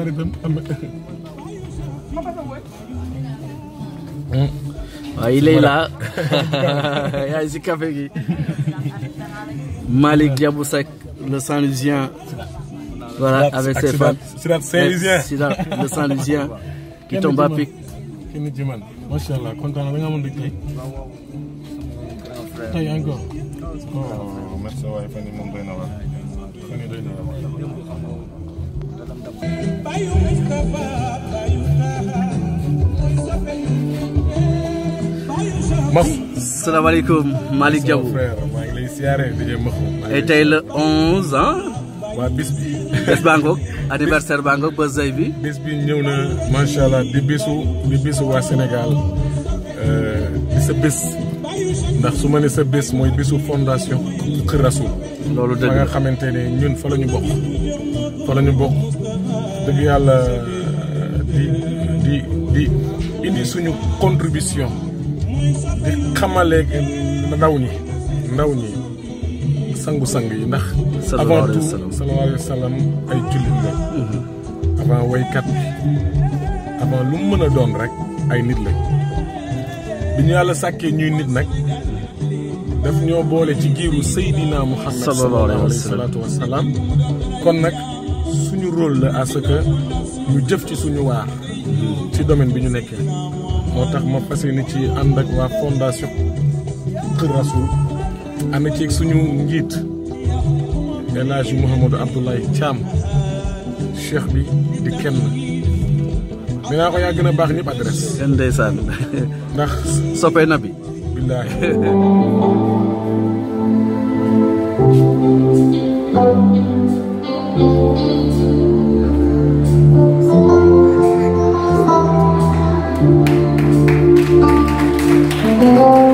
xaritam am hmm. waaye Leila yaay si café gi Malick Diabou Seck le Saint-Louisien voilà avec ses fans eh, Sidat le Saint-Louisien qui tombe à ma salaamaaleykum Malick Diabou maa ngi lay siyaare la 11 ah. waa bis bi. bés Bangok anniversaire Bangok ba zey bi. bis bi ñëw na macha allah di bisu di bisu waa Sénégal euh, di sa bés ndax su ma ne sa bés mooy bisu fondation Kër Rassoul. loolu dëgg xamante ne ñun fa la bokk fa la bokk. dëgg yàlla di di di indi suñu contribution di xamalee ndaw ñi ndaw ñi sangu-sang yi ndax avant tout ay jullit la mhm. avant waykat bi avant lu mu mën a doon rek ay nit lañ bi ñu yàlla sàkkee ñuy nit nag daf ñoo boole ci giiru Seydina Muhammad sallallahu alayhi wa salaatu wa salaam kon nag suñu rôle la à que ñu jëf ci suñu waar ci domaine bi ñu nekkee moo tax ma fas ni ci ànd ak waa fondation Kër Rassoul ànd ci suñu njiit El Hadji Mouhamadou Abdoulaye Thiam cheikh bi di kenn nee naa ko yaa gën baax ñëpp adresse. kenn ndeysaan ndax soppee na bi billaahi Thank you.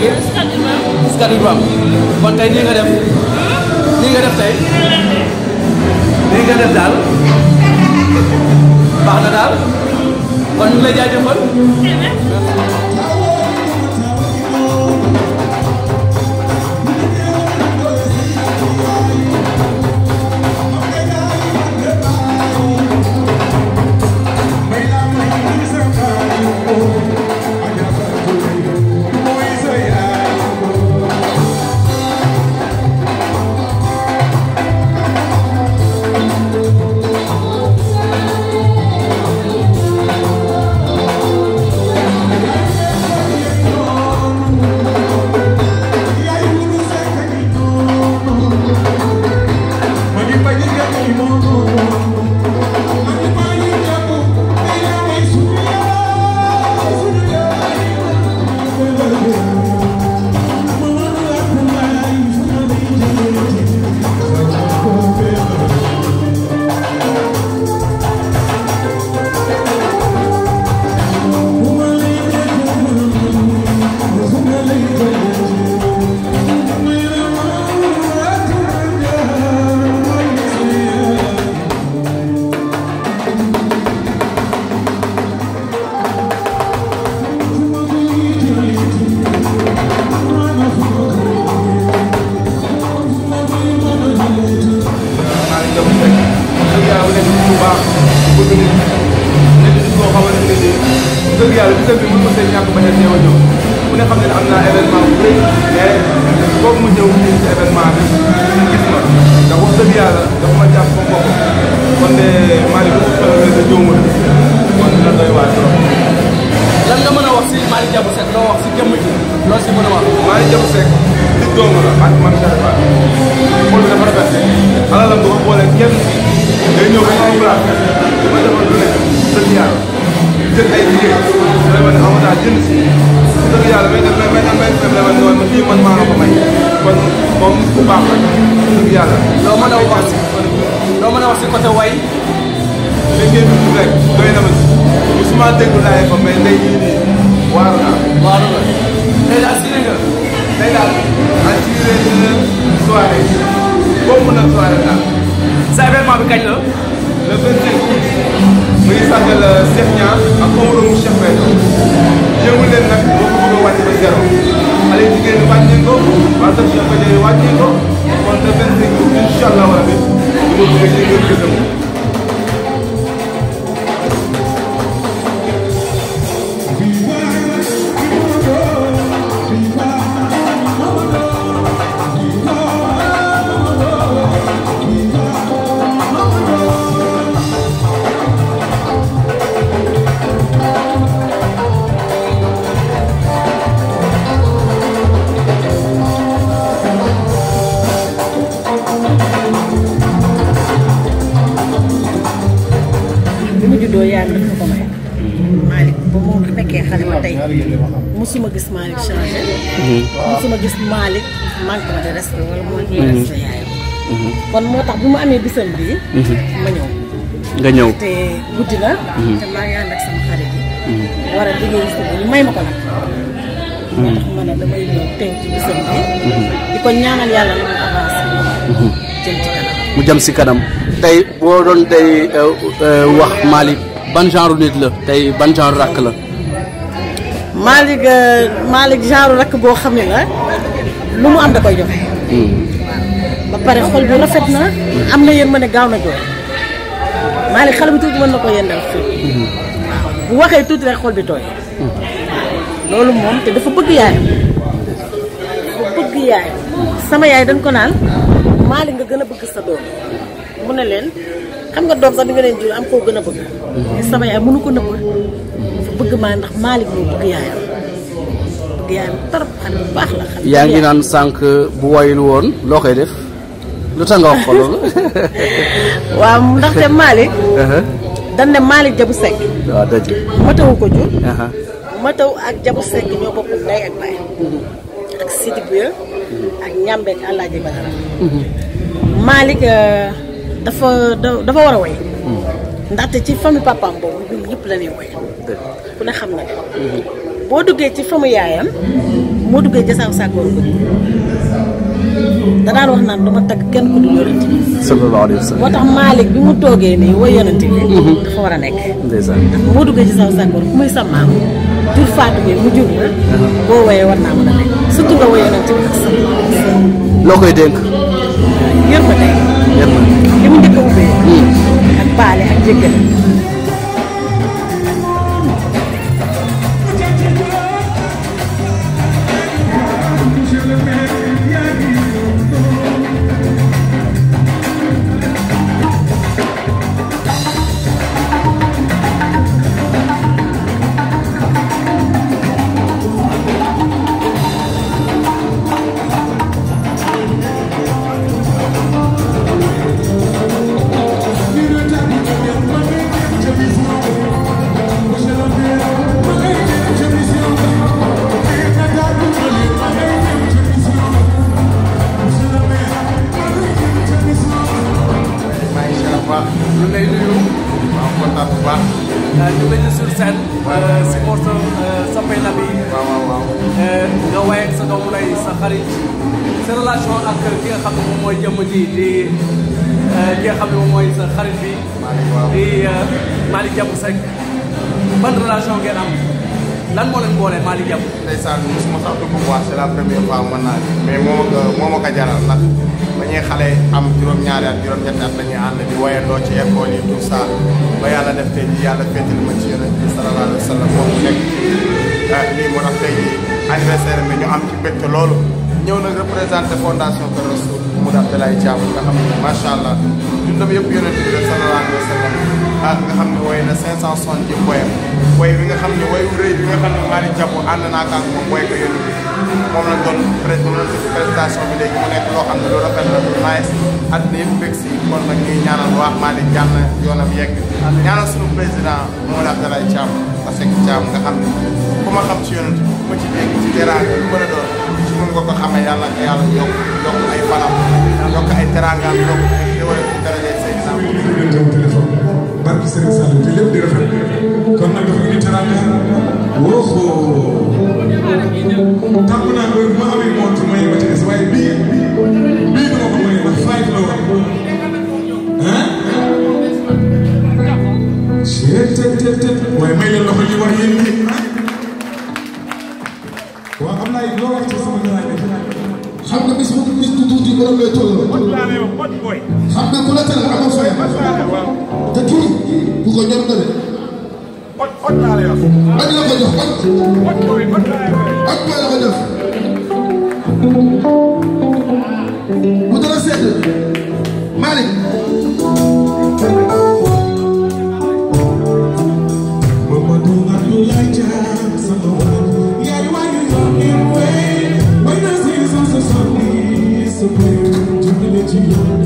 jógee. Scat Urbam kon tey nii nga def nii nga def tey nii nga def daal baax na daal kon ñu ngi lay jaajëfal. bu baax la dëgg yàlla loo mën a wax si loo mën a wax si côté way liggéey bi rek doy na ma si musuma déglu laay fa mais tey jii nii waaru naa waaru na tey daal si nga tey daal assuré dina soirée boo mën a soirée daal sa événement bi kañ la le 25 muy sàggal euh, Cheikh Niang ak Omar Cheikh Béthio yëngu leen nag wàcc ba zéro xale jigéen ñi wàññi ko waa seen chef rajo yi wàññi ko kon le 25 incha allah rabi ñu bëgg nga jëndee kon moo tax bi mu amee bisam bii. Mhm. ma ñëw. nga ñëw te guddi na. Mhm. Mhm. may ma ko nag. mu jëm si kanam tey boo doon tey euh, euh, wax Malick ban genre nit la tey ban genre rakk la. Malick euh, Malick genre rakk boo xam ne la lu mu am da koy joxe. ba pare xol bu rafet na am na yéen ma ne gaaw na jooy Malick xale bu tuuti mën na ko yendal fii bu waxee tuuti rek xol dafa bëgg yaayam yaay dañ ko naan Malick nga gën a bëgg mu ne leen xam nga doom ko bi leen jur am koo gën a bëgg sama yaay mënu ko nëbb dafa bëgg maa ndax Malick moo bëgg yaayam bëgg yaayam trop xale bu baax la xale yaa ngi naan sànq bu wayul woon loo koy def lu tax nga wax ko loolu. waaw ndaxte Malick. Uh-huh. dañ ne Jabu Seck. matawu ko jur. Uh-huh. mataw ak Jabu Seck ñoo bokk ndey ak baay. Uh-huh. ak Sidi Bouya. ak Ñambe ak Alaaji Badara. Malick euh, dafa dafa war a woy. ndaxte ci famille papaam boobu ñun ñëpp la ñuy ku ne xam na ko. boo duggee ci famille yaayam. moo duggee Jasaaw Sakkoor ko. da daan wax naan dama tagg kenn ku dul yonent bi. sallallahu alayhi wa bi mu toogee nii woy ti bi. Mhm. dafa war a nekk. ndeysaan boo duggee ci saw sàkkoor ku muy sàmmaam jur Fatou mu jur mhm. boo woyee war naa mën a nekk surtout nga woy yonent bi ak sa. loo koy dénk. yërmande. yërmande li mu njëkk ubbee. Mhm. waaw euh, ñu mel ni sur scène. si morceau soppee na bi. waaw nga waaye sa doomu lay sa xarit. sa relation ak ki nga xam ne moom mooy jëmm ji di euh, ki nga sa xarit bi. di euh, Malick Diabou Seck. ban relation ngeen am. lan moo leen boole Malick Diabou. ndeysaan mosuma sax dugg bu baax c'est la première ma ko moo ma ñuy xale am juróom-ñaari at juróom-ñetti at la ñuy ànd di woyandoo ci école yi tout ça ba yàlla def tey jii yàlla féetal ma ci yonent bi sallallahu alayhi wa sallam moom nekk ci ah, lii moo tax tey jii bi ñu am ci mbégte loolu ñëw nag représenté fondation Keur Rassoul mu daal Abdoulaye Thiam nga xam ne macha allah dundam yëpp yonent bi sallallahu alayhi wa sallam ah nga xam ne woy na 570 poème woy bi nga xam ne woy rëy bi nga xam ne Malick Diakhou ànd naa ak moom woy ko yónni bi moom lañ doon pré moom lañ def prestation bi léegi mu ne lu rafet la nice àddina yëpp bëgg si kon nag ñuy ñaanal bu baax Malick jàmm yoonam yegg ñaanal suñu président Mamadou Abdoulaye Thiam parce que Thiam nga xam ne ku ma xam ci yonent ku ma teraanga lu yokk ay fanam yokk yokk ay xéwal ci daraja barki Serigne Sall te lépp di rafet kon nag dafa indi teraanga woo ko tàmm naa ko ma amee moonte may ma ci des waaye bii bii dama ko may ndax faay la woon ah. waaye may leen loxo yi war yéen ñi waaw am naa loo wax ci sama xam nga bis bu bis bu tuuti borom lay toll. xam nga ku la teel amoo fay. te kii bu ko ñor nga de. bañ la ko jox bañ. ak booy la ko def. mu dara sedd Malick. to you.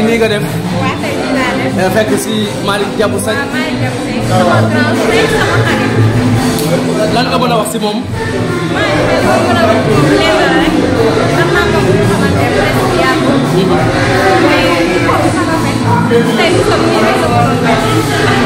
tey nii nga def. waaw tey nii laa def. Eh, fekk si Malick Diabou Seck. waaw Malick Diabou Seck sama grand frère sama xarit. lan nga mën a wax si moom. maa ngi mel loo mën a wax moom lenn rek am naa moom bu ñu xamante ne presque yàggul. Mhm. mais du ko sama benn tey du ko nii rek la ko doon